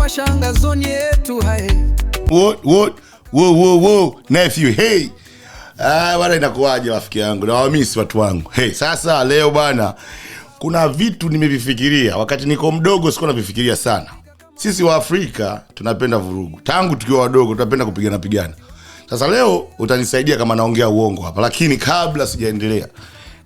washangazoni yetu hae wo wo wo wo wo nephew hey Ah, bwana inakuwaje rafiki yangu na watu wangu hey, sasa leo bwana kuna vitu nimevifikiria wakati niko mdogo, sikuwa navifikiria sana. Sisi wa Afrika tunapenda vurugu tangu tukiwa wadogo, tunapenda kupigana pigana. Sasa leo utanisaidia kama naongea uongo hapa, lakini kabla sijaendelea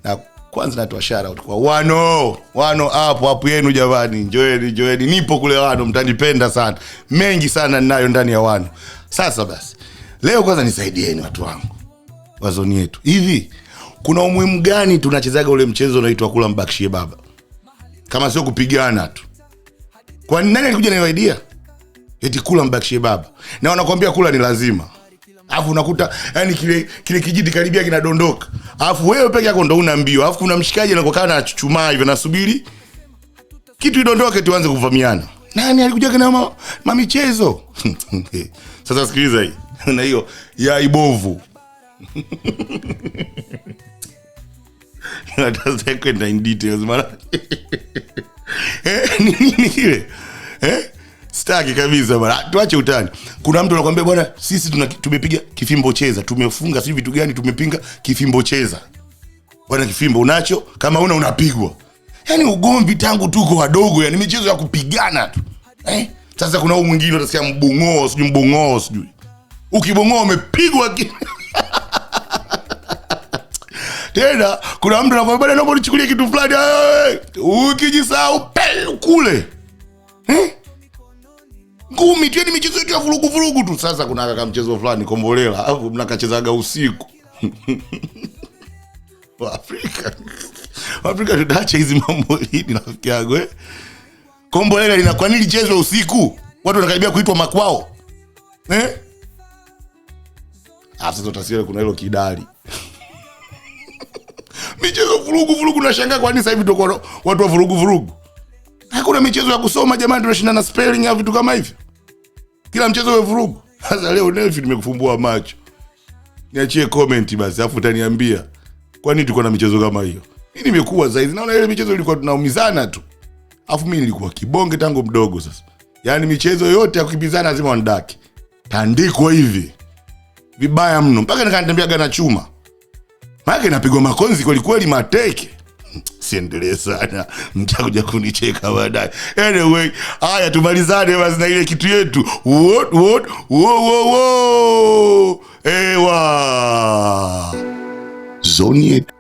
na kwanza natoa shout kwa wano wano hapo hapo yenu jamani, njoeni njoeni, nipo kule wano, mtanipenda sana, mengi sana ninayo ndani ya wano. Sasa basi leo kwanza nisaidieni watu wangu, wazoni yetu hivi, kuna umuhimu gani tunachezaga ule mchezo unaitwa kula mbakishie baba kama sio kupigana tu? Kwa nani alikuja na idea eti kula mbakishie baba, na wanakuambia kula ni lazima Alafu unakuta yani kile kile kijiti karibia kinadondoka. Alafu wewe peke yako ndo una mbio. Alafu kuna mshikaji anakokaa na chuchumaa hivyo nasubiri kitu idondoke tuanze kuvamiana. Nani alikuja kana mama ma michezo? Sasa sikiliza hii. Na hiyo ya ibovu. Nataka kwenda in details mara. Eh, nini kile Eh? staki kabisa bwana. Tuache utani. Kuna mtu anakwambia bwana, sisi tumepiga kifimbo cheza, tumefunga sijui vitu gani tumepinga kifimbo cheza. Bwana kifimbo unacho, kama una unapigwa. yani ugomvi tangu tuko wadogo, yani michezo ya kupigana tu. Eh? Sasa kuna huyu mwingine utasikia mbung'oo sijui mbung'oo sijui. Ukibongoo umepigwa tena kuna mtu anakwambia bwana, naomba nichukulie kitu fulani. Ukijisahau kule. Eh? ngumi tueni michezo yetu ya vurugu vurugu tu. Sasa kuna kaka mchezo fulani kombolela, alafu mnakachezaga usiku afrika Waafrika tunaacha hizi mambo lini? Rafiki yangu eh, kombolela lina kwa nini chezwa usiku? Watu wanakaribia kuitwa makwao eh. Ah, sasa utasikia kuna hilo kidali michezo vurugu vurugu, nashangaa kwa nini sasa hivi watu wa vurugu vurugu. Hakuna michezo ya kusoma jamani, tunashindana spelling ya vitu kama hivyo kila mchezo umevurugwa. Sasa leo Nelfi nimekufumbua macho, niachie comment basi, afu utaniambia kwa nini tulikuwa na michezo kama hiyo. Mi nimekuwa saizi, naona ile michezo ilikuwa tunaumizana tu, afu mi nilikuwa kibonge tangu mdogo. Sasa yaani michezo yote ya kukimbizana lazima wandaki tandikwa hivi vibaya mno, mpaka nikanitembea gana chuma, maana napigwa makonzi kwelikweli, mateke usiendelee sana, mtakuja kunicheka baadaye. Anyway, haya tumalizane basi na ile kitu yetu. What, what, wo, wo, wo. Ewa. zoni yetu.